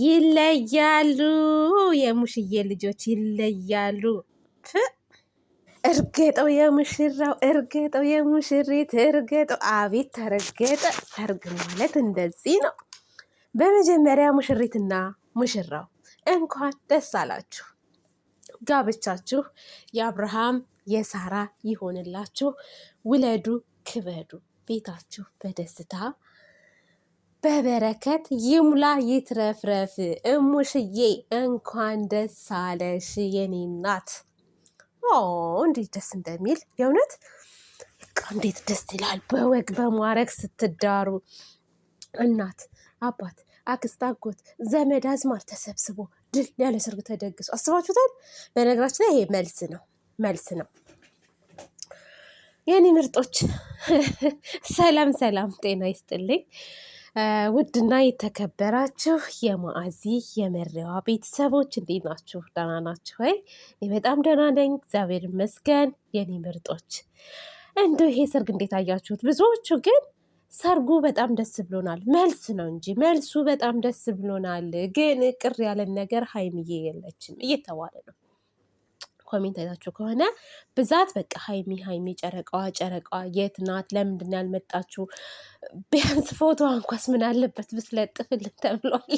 ይለያሉ። የሙሽዬ ልጆች ይለያሉ። እርገጠው የሙሽራው እርገጠው የሙሽሪት እርገጠው። አቤት ተረገጠ። ሰርግ ማለት እንደዚህ ነው። በመጀመሪያ ሙሽሪትና ሙሽራው እንኳን ደስ አላችሁ። ጋብቻችሁ የአብርሃም የሳራ ይሆንላችሁ። ውለዱ፣ ክበዱ፣ ቤታችሁ በደስታ በበረከት ይሙላ ይትረፍረፍ። እሙሽዬ እንኳን ደስ አለሽ የኔ እናት። ኦ እንዴት ደስ እንደሚል የእውነት እንዴት ደስ ይላል። በወግ በማረግ ስትዳሩ እናት፣ አባት፣ አክስት፣ አጎት፣ ዘመድ አዝማር ተሰብስቦ ድል ያለ ሰርግ ተደግሶ አስባችሁታል። በነገራችን ላይ ይሄ መልስ ነው መልስ ነው። የኔ ምርጦች ሰላም ሰላም፣ ጤና ይስጥልኝ። ውድና የተከበራችሁ የማአዚ የመሪዋ ቤተሰቦች እንዴት ናችሁ? ደህና ናችሁ ወይ? እኔ በጣም ደህና ነኝ፣ እግዚአብሔር ይመስገን። የኔ ምርጦች እንዲ ይሄ ሰርግ እንዴት አያችሁት? ብዙዎቹ ግን ሰርጉ በጣም ደስ ብሎናል፣ መልስ ነው እንጂ መልሱ በጣም ደስ ብሎናል፣ ግን ቅር ያለን ነገር ሀይምዬ የለችም እየተባለ ነው ኮሜንት አይታችሁ ከሆነ ብዛት በቃ ሀይሚ ሀይሚ ጨረቃዋ ጨረቃዋ የት ናት? ለምንድን ያልመጣችሁ? ቢያንስ ፎቶ እንኳስ ምን አለበት ብትለጥፍልን ተብሏል።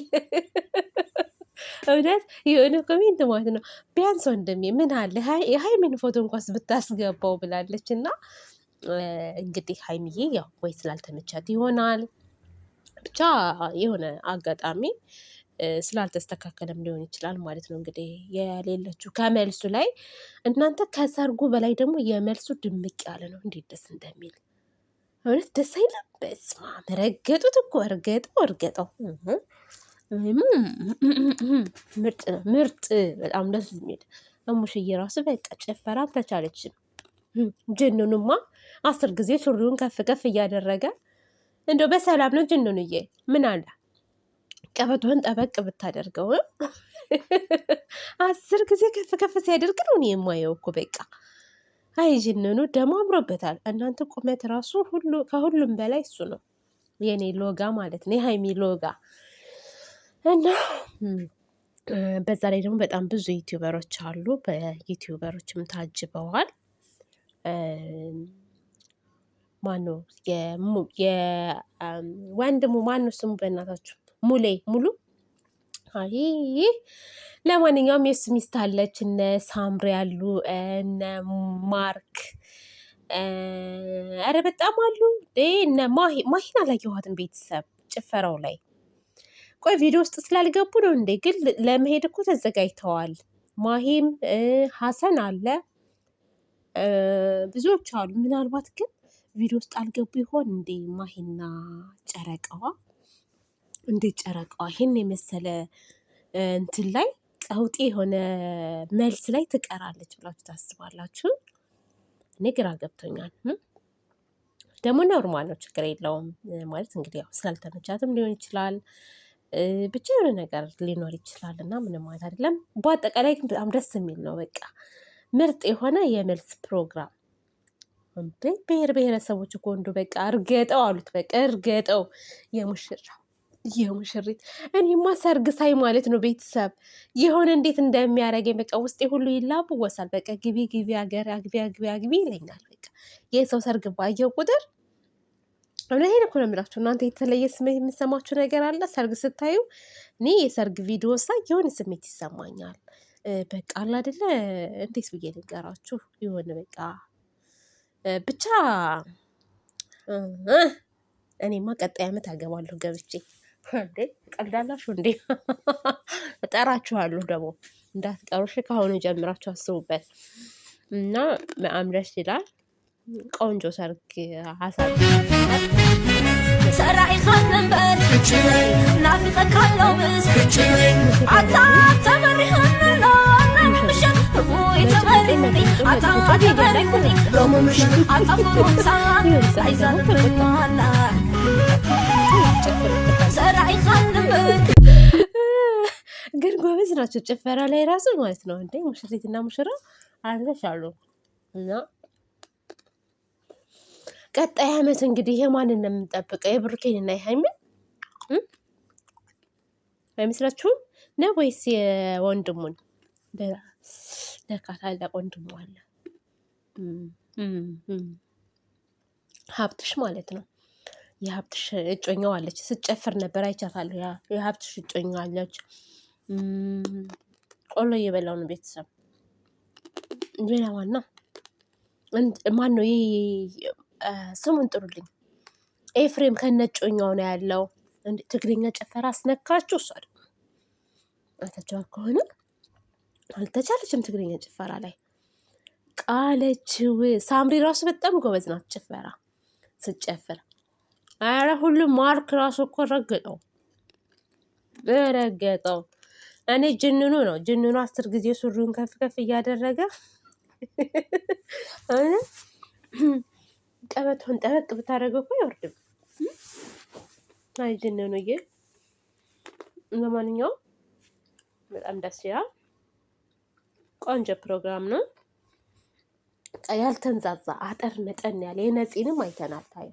እውነት የሆነ ኮሜንት ማለት ነው። ቢያንስ ወንድሜ ምን አለ የሀይሚን ፎቶ እንኳስ ብታስገባው ብላለች። እና እንግዲህ ሀይሚዬ ያው ወይ ስላልተመቻት ይሆናል ብቻ የሆነ አጋጣሚ ስላልተስተካከለም ሊሆን ይችላል ማለት ነው። እንግዲህ የሌለችው ከመልሱ ላይ እናንተ ከሰርጉ በላይ ደግሞ የመልሱ ድምቅ ያለ ነው። እንዴት ደስ እንደሚል እውነት ደስ አይለም? በስመ አብ ረገጡት እኮ እርገጠው እርገጠው ምርጥ ነው ምርጥ በጣም ደስ የሚል እሙሽዬ ራሱ በቃ ጭፈራ አልተቻለችም። ጅኑንማ አስር ጊዜ ሱሪውን ከፍ ከፍ እያደረገ እንደው በሰላም ነው ጅኑንዬ ምን አለ ቀበቶን ጠበቅ ብታደርገው አስር ጊዜ ከፍ ከፍ ሲያደርግ ነው እኔ የማየው እኮ በቃ። አይ ጅንኑ ደግሞ አምሮበታል። እናንተ ቁመት ራሱ ከሁሉም በላይ እሱ ነው የኔ ሎጋ ማለት ነው የሀይሚ ሎጋ እና በዛ ላይ ደግሞ በጣም ብዙ ዩቲዩበሮች አሉ። በዩቲዩበሮችም ታጅበዋል። ማነው የወንድሙ ማነው ስሙ በእናታችሁ ሙሌ ሙሉ አይ ለማንኛውም የሱ ሚስት አለች። እነ ሳምሪ ያሉ እነ ማርክ ኧረ በጣም አሉ። እነ ማሂን አላየኋትም ቤተሰብ ጭፈራው ላይ ቆይ ቪዲዮ ውስጥ ስላልገቡ ነው እንዴ? ግን ለመሄድ እኮ ተዘጋጅተዋል። ማሂም ሀሰን አለ ብዙዎች አሉ። ምናልባት ግን ቪዲዮ ውስጥ አልገቡ ይሆን እንዴ? ማሂና ጨረቃዋ እንዴት ጨረቃዋ ይህን የመሰለ እንትን ላይ ቀውጤ የሆነ መልስ ላይ ትቀራለች ብላችሁ ታስባላችሁ? እኔ ግራ ገብቶኛል። ደግሞ ኖርማል ነው፣ ችግር የለውም ማለት እንግዲህ ያው ስላልተመቻትም ሊሆን ይችላል ብቻ የሆነ ነገር ሊኖር ይችላል እና ምንም ማለት አይደለም። በአጠቃላይ ግን በጣም ደስ የሚል ነው። በቃ ምርጥ የሆነ የመልስ ፕሮግራም ብሔር ብሔረሰቦች እኮ በቃ እርገጠው አሉት። በቃ እርገጠው የሙሽራ ይህ ሙሽሪት እኔማ ሰርግ ሳይ ማለት ነው ቤተሰብ የሆነ እንዴት እንደሚያደርገኝ በቃ ውስጤ ሁሉ ይላብወሳል። በቃ ግቢ ግቢ አገር አግቢ አግቢ አግቢ ይለኛል። በቃ የሰው ሰርግ ባየው ቁጥር እውነቴን እኮ ነው የምላችሁ። እናንተ የተለየ ስሜት የምሰማችሁ ነገር አለ ሰርግ ስታዩ? እኔ የሰርግ ቪዲዮ ሳይ የሆነ ስሜት ይሰማኛል። በቃ አለ አይደለ እንዴት ብዬ ነገራችሁ የሆነ በቃ ብቻ እኔማ ቀጣይ ዓመት አገባለሁ ገብቼ እንዴ ቀልዳላችሁ እንዴ? እጠራችኋለሁ ደግሞ እንዳትቀሩሽ። ከአሁኑ ጀምራችሁ አስቡበት እና አምረሽ ይላል። ቆንጆ ሰርግ ሀሳብ ሰራ ይዞት ነበር ናፍጠካለው ብስ አታ ተመሪህንላ ተመሪ አታ ተመሪ አታ ግን ጎበዝ ናቸው። ጭፈራ ላይ ራሱ ማለት ነው እንደ ሙሽሪትና ሙሽራ አርተሽ አሉ እና ቀጣይ አመት እንግዲህ የማንን ነው የምንጠብቀው? የብሩኬን እና የሀይሚን አይመስላችሁም? ነው ወይስ የወንድሙን? ለካ ታላቅ ወንድሙ አለ ሀብትሽ ማለት ነው። የሀብትሽ እጮኛው አለች ስጨፍር ነበር አይቻታለሁ። የሀብትሽ እጮኛው አለች። ቆሎ እየበላው ነው ቤተሰብ። ሌላ ዋና ማን ነው ይህ? ስሙን ጥሩልኝ። ኤፍሬም ከነ እጮኛው ነው ያለው። ትግርኛ ጨፈራ አስነካችሁ። እሷ አይታችኋል ከሆነ አልተቻለችም ትግርኛ ጭፈራ ላይ ቃለችው። ሳምሪ ራሱ በጣም ጎበዝ ናት ጭፈራ ስጨፍር አረ ሁሉም ማርክ ራሱ እኮ ረግጠው ረገጠው። እኔ ጅንኑ ነው ጅንኑ አስር ጊዜ ሱሪውን ከፍ ከፍ እያደረገ ቀበቶን ጠበቅ ብታደረገው እኮ አይወርድም። አይ ይ ለማንኛውም በጣም ደስ ይላል። ቆንጆ ፕሮግራም ነው። ያልተንዛዛ አጠር መጠን ያለ የነፂንም አይተናል ታየ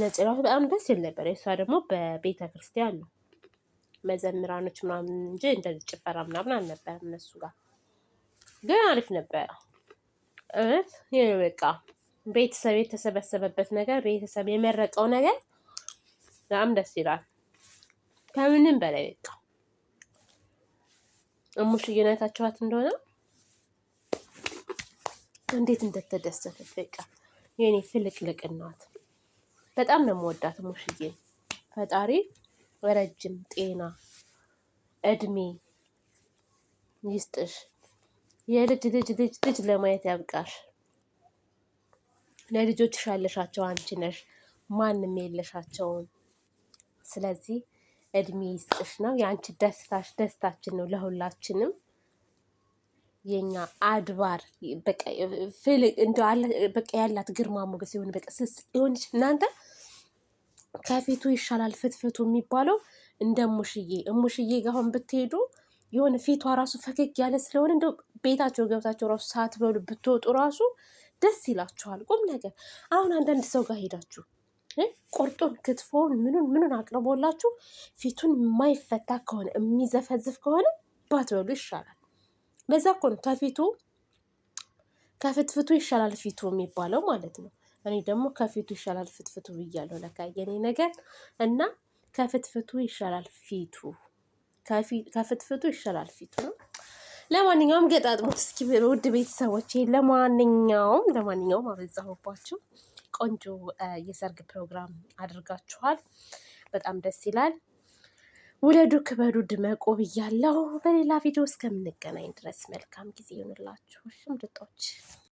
ነጭ ራሱ በጣም ደስ ይል ነበር። እሷ ደግሞ በቤተ ክርስቲያን ነው መዘምራኖች ምናምን እንጂ እንደዚህ ጭፈራ ምናምን አልነበረም። እነሱ ጋር ግን አሪፍ ነበረ። እውነት ይህ በቃ ቤተሰብ የተሰበሰበበት ነገር ቤተሰብ የመረቀው ነገር በጣም ደስ ይላል። ከምንም በላይ በቃ እሙሽ አይታችኋት እንደሆነ እንዴት እንደተደሰተች በቃ የኔ ፍልቅልቅ እናት በጣም ነው የምወዳት ሙሽዬ። ፈጣሪ ረጅም ጤና እድሜ ይስጥሽ። የልጅ ልጅ ልጅ ልጅ ለማየት ያብቃሽ። ለልጆችሽ ያለሻቸው አንቺ ነሽ፣ ማንም የለሻቸውም። ስለዚህ እድሜ ይስጥሽ ነው የአንቺ ደስታሽ፣ ደስታችን ነው ለሁላችንም። የኛ አድባር በቃ ያላት ግርማ ሞገስ የሆነ በቃ ስስ የሆነች እናንተ ከፊቱ ይሻላል ፍትፍቱ የሚባለው እንደ ሙሽዬ እሙሽዬ ጋር አሁን ብትሄዱ የሆነ ፊቷ ራሱ ፈገግ ያለ ስለሆነ እንደው ቤታቸው ገብታቸው ራሱ ሳትበሉ ብትወጡ ራሱ ደስ ይላችኋል። ቁም ነገር አሁን አንዳንድ ሰው ጋር ሄዳችሁ ቁርጡን ክትፎውን ምኑን ምኑን አቅርቦላችሁ ፊቱን የማይፈታ ከሆነ የሚዘፈዝፍ ከሆነ ባትበሉ ይሻላል። በዛ እኮ ነው ከፊቱ ከፍትፍቱ ይሻላል ፊቱ የሚባለው ማለት ነው። እኔ ደግሞ ከፊቱ ይሻላል ፍትፍቱ ብያለሁ። ለካ የኔ ነገር እና ከፍትፍቱ ይሻላል ፊቱ ከፍትፍቱ ይሻላል ፊቱ ነው። ለማንኛውም ገጣጥሞ እስኪ ውድ ቤተሰቦች፣ ለማንኛውም ለማንኛውም አበዛሁባችሁ። ቆንጆ የሰርግ ፕሮግራም አድርጋችኋል። በጣም ደስ ይላል። ውለዱ፣ ክበዱ፣ ድመቁ ብያለሁ። በሌላ ቪዲዮ እስከምንገናኝ ድረስ መልካም ጊዜ ይሁንላችሁ ሽምርጦች።